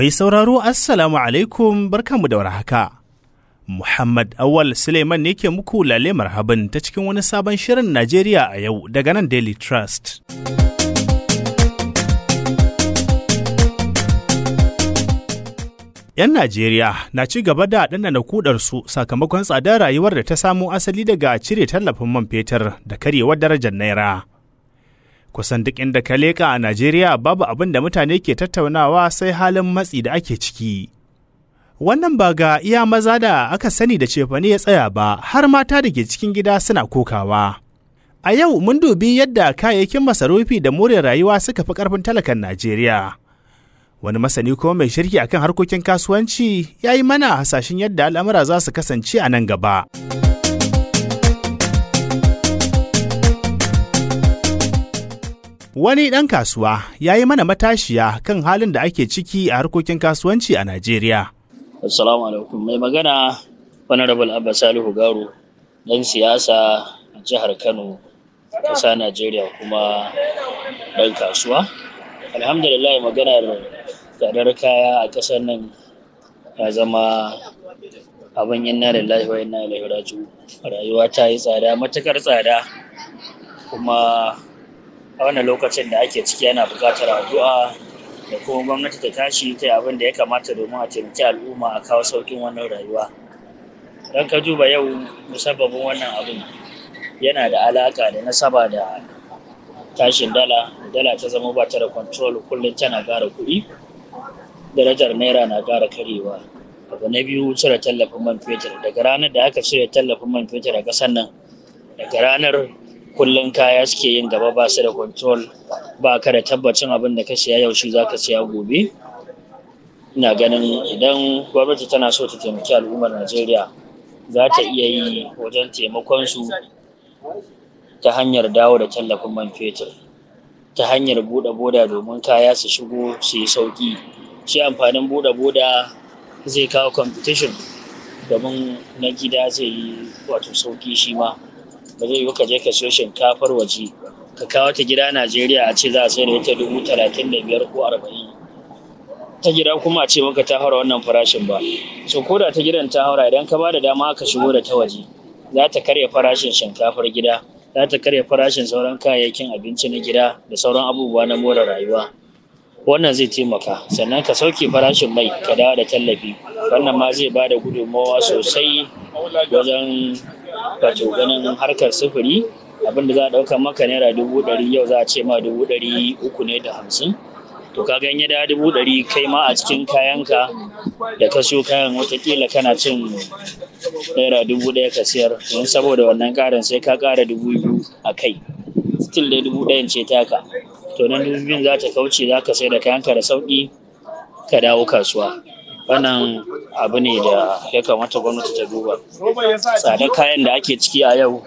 Mai sauraro Assalamu alaikum barkanmu da warhaka. Muhammad Awal Suleiman ne ke muku lale marhaban ta cikin wani sabon shirin Najeriya a yau daga nan Daily Trust. ‘Yan Najeriya na ci gaba da ɗanɗana kudarsu sakamakon tsadar rayuwar da ta samo asali daga cire tallafin man fetur da karyewar darajar Naira. Kusan duk inda ka leka a Najeriya babu abin da mutane ke tattaunawa sai halin matsi da ake ciki. Wannan ba ga iya maza da aka sani da cefane ya tsaya ba har mata da ke cikin gida suna kokawa. A yau mun dubi yadda kayayyakin masarufi da more rayuwa suka fi ƙarfin talakan Najeriya. Wani masani ko mai shirki akan harkokin kasuwanci ya yi mana hasashen yadda al'amura za su kasance a nan gaba. Wani ɗan kasuwa ya yi mana matashiya kan halin da ake ciki a harkokin kasuwanci a Najeriya. Assalamu alaikum mai magana Honorable Abba Salihu Garo ɗan siyasa a jihar Kano ƙasa Najeriya kuma ɗan kasuwa. Alhamdulillah maganar tsadar kaya a ƙasar nan ya zama abin yin nari wa yin nari raji'un rayuwa ta yi tsada matukar tsada kuma a wannan lokacin da ake ciki yana buƙatar addu'a da kuma gwamnati ta tashi ta yi abin da ya kamata domin a taimaki al'umma a kawo sauƙin wannan rayuwa don ka duba yau musabbabin wannan abin yana da alaƙa da nasaba da tashin dala dala ta zama ba ta da control kullum tana ƙara kuɗi darajar naira na ƙara karewa abu na biyu cire tallafin man fetur daga ranar da aka cire tallafin man fetur a ƙasar nan daga ranar kullum kaya suke yin gaba ba su da control ba ka da tabbacin abin da ka siya yaushe shi za ka siya gobe ina ganin idan gwamnati tana so ta taimaki al'ummar najeriya za ta iya yi wajen taimakon su ta hanyar dawo da tallafin man fetur ta hanyar buɗe boda domin kaya su shigo su yi sauƙi shi amfanin buɗe boda zai kawo competition domin na gida zai yi wato sauƙi shi ma ba zai yi ka je ka siyo shinkafar waje ka kawo ta gida Najeriya a ce za a sayar da ita dubu talatin da biyar ko arba'in ta gida kuma a ce maka ta haura wannan farashin ba so ko da ta gidan ta haura idan ka ba da dama ka shigo da ta waje za ta karya farashin shinkafar gida za ta karya farashin sauran kayayyakin abinci na gida da sauran abubuwa na more rayuwa wannan zai taimaka sannan ka sauke farashin mai ka dawo da tallafi wannan ma zai ba da gudunmawa sosai wajen wato ganin harkar sufuri abin da za a ɗauka maka naira dubu ɗari yau za a ce ma dubu ɗari uku ne da hamsin to ka ganye da dubu ɗari kai ma a cikin kayanka da ka siyo kayan watakila kana cin naira dubu ɗaya ka siyar don saboda wannan ƙarin sai ka ƙara dubu biyu a kai still dai dubu ɗayan ce taka to nan dubu biyun za ta kauce za ka sai da kayanka da sauƙi ka dawo kasuwa wannan abu ne da ya kamata gwamnati ta duba tsadar kayan da ake ciki a yau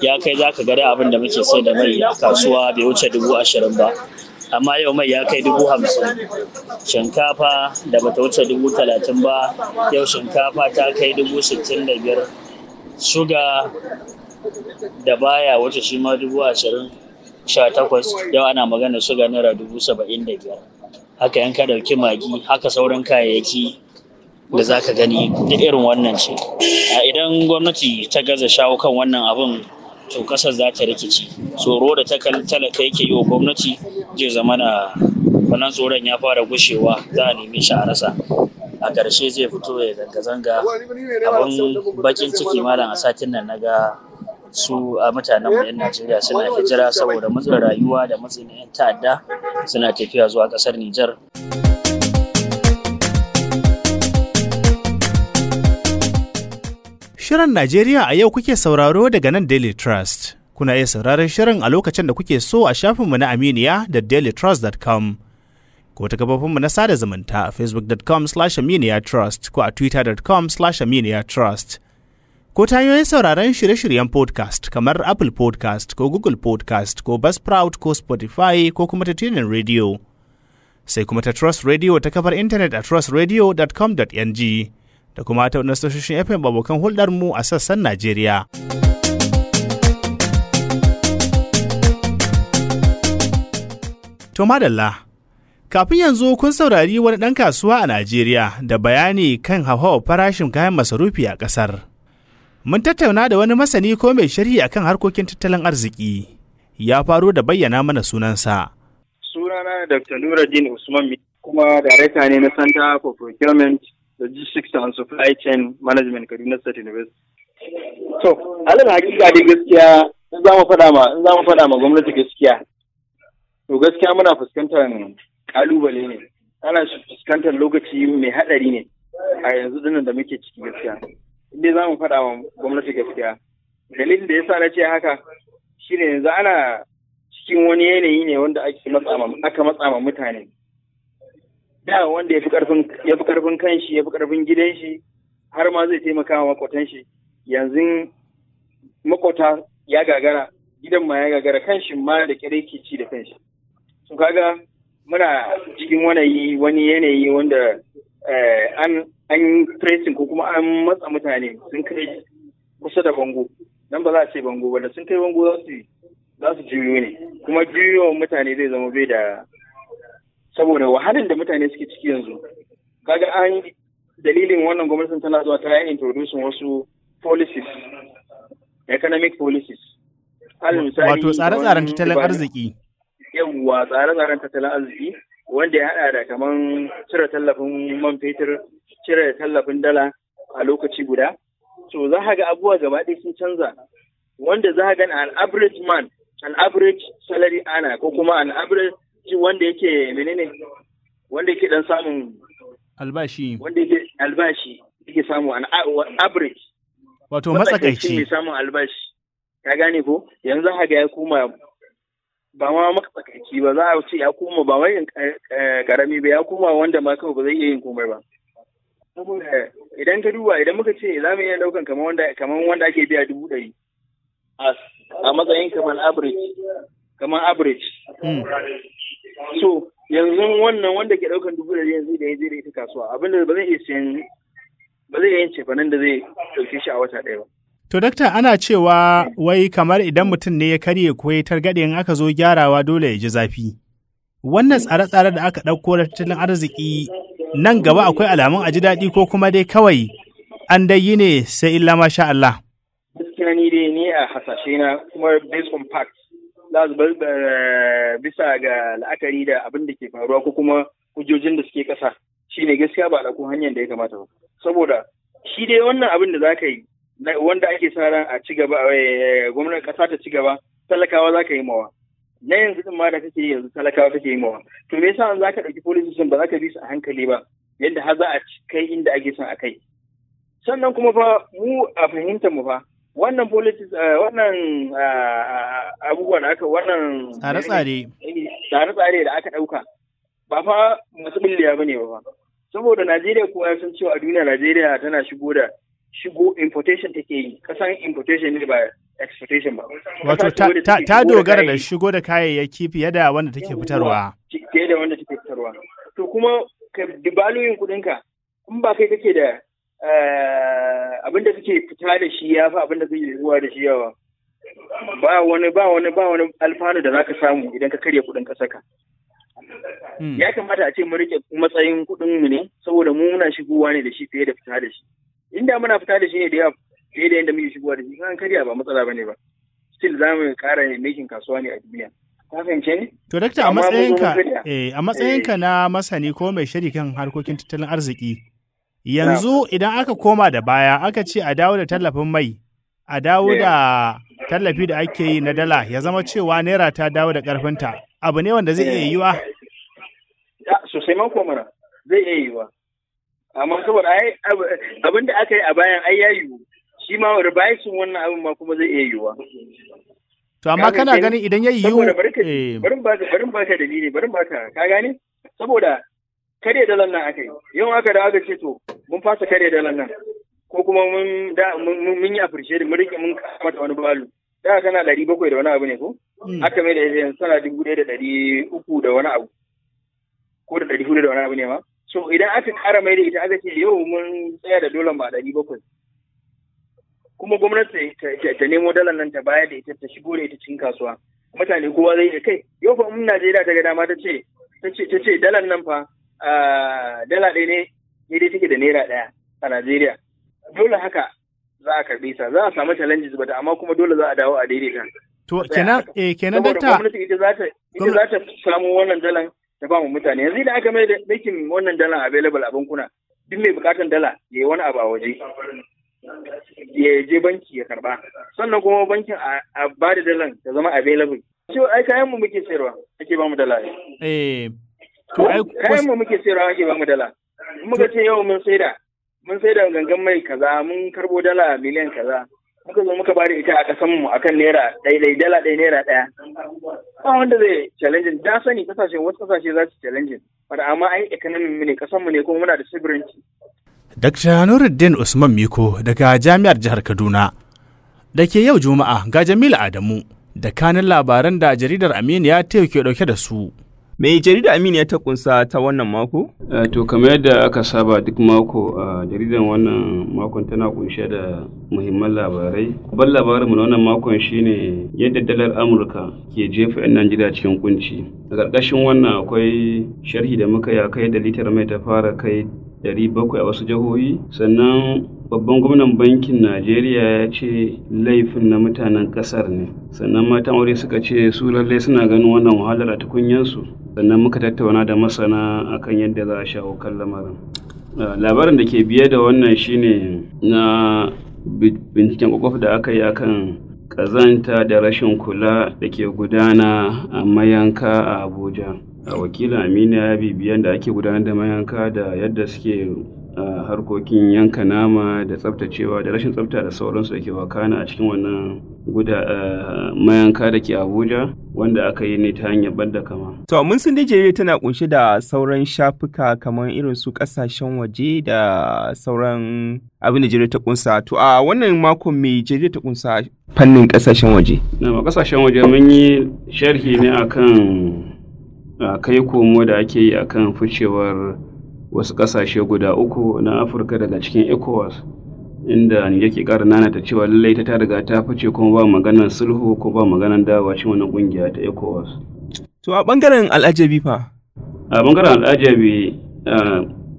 ya kai za ka gada abin da muke sai da mai a kasuwa bai wuce dubu ashirin ba amma yau mai ya kai dubu hamsin shinkafa da bata wuce dubu talatin ba yau shinkafa ta kai dubu sittin da biyar shuga da baya wuce shi ma dubu ashirin sha takwas yau ana magana shuga naira dubu saba'in da biyar haka yanka ka ɗauki magi haka sauran kayayyaki da za ka gani duk irin wannan ce idan gwamnati ta gaza shawo kan wannan abun, to ƙasar za ta rikici tsoro da ta talaka yake yi wa gwamnati zai zama na wannan tsoron ya fara gushewa za a nemi shi a rasa a ƙarshe zai fito ya zanga-zanga abin bakin ciki malam a satin nan na ga su a mutanen mu yan Najeriya suna hijira saboda matsin rayuwa da matsin yan ta'adda suna tafiya zuwa ƙasar Nijar. Shirin Najeriya a yau kuke sauraro daga nan Daily Trust. Kuna iya sauraron shirin a lokacin da kuke so a shafinmu na Aminiya da dailytrust.com. ko ta gabafinmu na sada zumunta a facebook.com slash aminiya trust ko a twitter.com slash aminiya trust ko ta hanyoyin sauraron shirye-shiryen podcast kamar Apple podcast ko Google podcast ko Buzzsprout ko Spotify ko kuma ta tunin radio. Sai kuma ta Trust Radio ta kafar intanet a trustradio.com.ng da kuma ta wani sashen FM abokan hulɗarmu a sassan Najeriya. To madalla, kafin yanzu kun saurari wani ɗan kasuwa a Najeriya da bayani kan hauhawar farashin kayan masarufi a ƙasar. Mun tattauna da wani masani ko mai sharhi akan harkokin tattalin arziki. Ya faro da bayyana mana sunansa. Sunana Dr. Nuruddin Usman kuma darekta ne na Center for Procurement, Logistics and Supply Chain Management Kaduna State University. To, na hakika dai gaskiya in za mu faɗa ma in za mu faɗa ma gwamnati gaskiya. To gaskiya muna fuskantar kalubale ne. Ana fuskantar lokaci mai haɗari ne a yanzu dinnan da muke ciki gaskiya. inda za mu faɗa wa gwamnati gaskiya dalilin da ya sa na ce haka shine yanzu ana cikin wani yanayi ne wanda aka matsa ma mutane da wanda ya fi karfin kanshi ya fi karfin gidan shi har ma zai taimaka wa makwatan shi yanzu makwata ya gagara gidan ma ya gagara kanshi ma da kere ke ci da kanshi su kaga muna cikin wani yanayi wanda Eh, an an tracing ko kuma an matsa mutane sun kai kusa da bango Nan ba za a ce bango ba da sun kai bango za su za su juyo ne kuma juyo mutane zai zama bai da saboda wahalar da mutane suke ciki yanzu kaga an dalilin wannan gwamnatin tana zuwa ta yi introducing wasu policies economic policies wato tsare-tsaren tattalin arziki yawwa tsare-tsaren tattalin arziki wanda ya haɗa da kaman cire tallafin man fetur cire tallafin dala a lokaci guda to za ka ga abubuwa gaba ɗaya sun canza wanda za ka ga an average man an average salary ana ko kuma an average wanda yake menene wanda yake dan samun albashi wanda yake albashi yake samu an average wato matsakaici yake samun albashi ka gane ko yanzu haka ya koma ba ma matsakaici ba za a ce ya koma ba wai eh, karami ba ya koma wanda ma kawai ba zai iya yin komai ba saboda idan ka duba idan muka ce za mu iya daukan kamar wanda kamar wanda ake biya dubu ɗari a matsayin kamar average kamar average hmm. so yanzu wannan wanda ke daukan dubu ɗari yanzu da ya je da ita kasuwa abinda ba zai iya siyan ba zai iya yin cefanen da zai ɗauke shi a wata ɗaya ba To, dakta ana cewa wai kamar idan mutum ne ya karye ko ya targaɗe in aka zo gyarawa dole ya ji zafi. Wannan tsare-tsare da aka ɗauko da tattalin arziki nan gaba akwai alamun a ji daɗi ko kuma dai kawai an dai yi ne sai illa sha Allah. Gaskiya ni dai ni a hasashe na kuma based on facts za su eh, bisa ga la'akari da abin da ke faruwa ko kuma hujjojin da suke ƙasa shine gaskiya ba ɗauko hanyar da ya kamata ba. Saboda shi dai wannan abin da za ka yi wanda ake sa ran a cigaba gaba eh, eh, gwamnatin kasa ta ci gaba talakawa za ka yi mawa na yanzu din ma da kake yanzu talakawa kake yi mawa to me yasa za ka ɗauki policies ba za ka bi su a hankali ba yadda har za a kai inda ake son a kai sannan kuma fa mu a fahimta mu fa wannan politics eh, wannan abubuwa da aka wannan tsare-tsare tsare-tsare da aka ɗauka ba fa masu ba ne ba saboda Najeriya kowa sun cewa a duniya Najeriya tana shigo da shigo importation take yi kasan importation ne ba exportation ba wato ta dogara da shigo da kayayyaki fiye da wanda take fitarwa fiye da wanda take fitarwa to kuma ka dibaluyin kudinka in ba kai kake da eh, abin da kake fita da shi ya fa abin da kake zuwa da shi yawa ba wani ba wani ba wani alfanu da zaka samu idan ka karya kudin ka saka hmm. ya kamata a ce mu rike matsayin kudin mu ne saboda mu muna shigowa ne da shi fiye da fita da shi inda muna fita da shi ne da yawa fiye da yadda muke shigowa da shi kan karya ba matsala ba ne ba still za mu kara ne making kasuwa ne a duniya ka fahimce ni to dakta a matsayinka eh a matsayinka eh. na masani ko mai shiri kan harkokin tattalin arziki yanzu idan aka koma da baya aka ce a dawo da tallafin mai a dawo eh. da tallafi da ake yi na dala ya zama cewa naira ta dawo da karfinta abu ne wanda zai iya eh. yiwa sosai man komara zai iya yiwa amma saboda ai abin da aka yi a bayan ai ya yiwu shi ma ribaisin wannan abin ma kuma zai iya yiwuwa to amma kana ganin idan ya yiwu barin ka eh. barin baka dalili barin ba ka gane saboda kare dalan nan aka yi yau aka da aka ce to mun fasa kare dalan nan ko kuma mun da mun yi afirce da mun rike mun kamata wani balu da kana ɗari bakwai da wani abu ne ko hmm. aka mai da yanzu tana dubu ɗaya da ɗari uku da wani abu ko da ɗari hudu da wani abu ne ma so idan aka ƙara mai da ita aka ce yau mun tsaya da dole ba ɗari bakwai kuma gwamnati ta nemo dalar nan ta bayar da ita ta shigo da ita cikin kasuwa mutane kowa zai iya kai yau fa mun Najeriya ta ga dama ta ce ta ce dalar nan fa dala ɗaya ne dai take da naira ɗaya a Najeriya dole haka za a karɓe sa za a samu challenges ba amma kuma dole za a dawo a daidaita to kenan eh kenan dakta gwamnati ita za ta samu wannan dalan na ba mu mutane yanzu da aka mai da making wannan dala available a bankuna duk mai bukatan dala ya yi wani abu a waje ya je banki ya karba sannan kuma bankin a ba da dalan ta zama available shi ai kayan mu muke sayarwa ake ba mu dala eh to ai kayan mu muke sayarwa ake ba mu dala muka ce yau mun saida mun saida gangan mai kaza mun karbo dala miliyan kaza muka zo muka bada ita a ƙasan mu akan naira ɗaiɗai dala ɗaya naira ɗaya ba wanda zai challenge da sani kasashe wasu kasashe za su challenge fara amma ai economy mu ne ƙasan mu ne kuma muna da sovereignty Dr. Nuruddin Usman Miko daga Jami'ar Jihar Kaduna da ke yau Juma'a ga Jamilu Adamu da kanin labaran da jaridar Aminiya ta yau ke dauke da su. Me jarida Aminiya ta kunsa ta wannan mako? Eh, to kamar yadda aka saba duk mako a jaridar wannan makon tana kunshe da muhimman labarai. Babban labarin mu na wannan makon shine yadda dalar Amurka ke jefa 'yan Najeriya cikin kunci. A ƙarƙashin wannan akwai sharhi da muka ya kai da litar mai ta fara kai 700 a wasu jihohi sannan babban gwamnan bankin najeriya ya ce laifin na mutanen kasar ne sannan matan aure suka ce su lallai suna ganin wannan wahalar a tukunyansu sannan muka tattauna da masana akan yadda za a shawo kan lamarin ah, labarin da ke biye da wannan shine na binciken kwakwaf da aka yi akan kazanta da rashin kula da ke gudana a mayanka a abuja a wakilin amina ya bibiyan da ake gudanar da mayanka da yadda suke harkokin yanka nama da tsaftacewa da rashin tsafta da sauransu da ke wakana a cikin wannan guda mayanka da ke abuja wanda aka yi ne ta hanyar da kama. to mun san nijeriya tana kunshe da sauran shafuka kamar irin su kasashen waje da sauran abin nijeriya ta kunsa to a wannan makon me nijeriya ta kunsa fannin kasashen waje na kasashen waje mun yi sharhi ne akan kai komo da ake yi akan ficewar wasu ƙasashe guda uku na afirka daga cikin ecowas inda ni yake nana ta cewa lallai ta ta riga ta fice kuma ba maganar sulhu ko ba maganar dawa cikin wannan ƙungiya ta ecowas to a ɓangaren al'ajabi fa a ɓangaren al'ajabi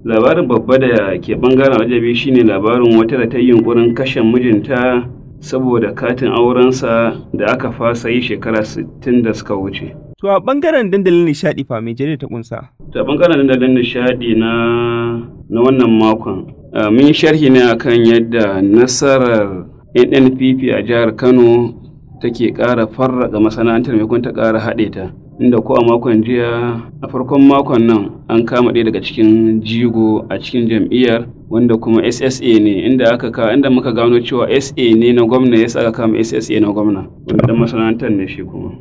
labarin babba da ke bangaren al'ajabi shine labarin wata da ta yi yunkurin kashe mijinta saboda katin aurensa da aka fasa yi shekara 60 da suka wuce To a bangaren dandalin nishadi fa me jarida ta kunsa. To a bangaren dandalin nishadi na na wannan makon mun sharhi ne akan yadda nasarar NNPP a jihar Kano take ƙara farraga masana'antar mai kun ta ƙara haɗe ta. inda ko a makon jiya a farkon makon nan an kama ɗaya daga cikin jigo a cikin jam'iyyar wanda kuma SSA ne inda aka ka inda muka gano cewa SA ne na gwamna yasa aka kama SSA na gwamna wanda masana'antar ne shi kuma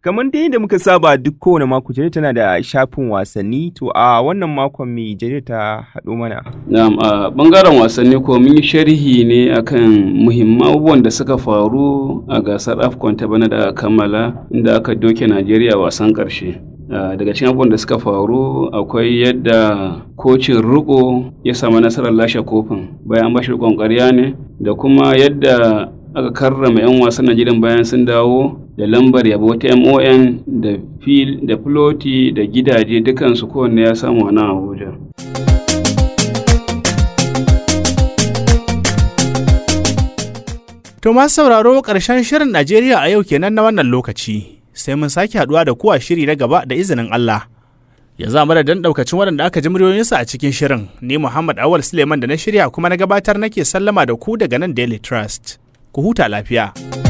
Kamar dai da muka saba duk kowane mako jarida tana da shafin wasanni to a wannan makon mai jarida ta haɗo mana. Na'am a bangaren wasanni ko mun yi sharhi ne akan muhimman abubuwan da suka faru a gasar Afcon ta bana da kammala inda aka doke Najeriya wasan ƙarshe. daga cikin abubuwan da suka faru akwai yadda kocin riko ya samu nasarar lashe kofin bayan bashi rikon ƙarya ne da kuma yadda aka karrama 'yan wasan Najeriya bayan sun dawo da lambar yabo ta mon da fil da filoti da gidaje dukansu kowanne ya samu wani abuja to masu sauraro ƙarshen shirin najeriya a yau kenan na wannan lokaci sai mun sake haɗuwa da kuwa shiri na gaba da izinin allah ya za da dan ɗaukacin waɗanda aka ji muryoyinsu a cikin shirin ni muhammad awal suleiman da na shirya kuma na gabatar nake sallama da ku daga nan daily trust ku huta lafiya.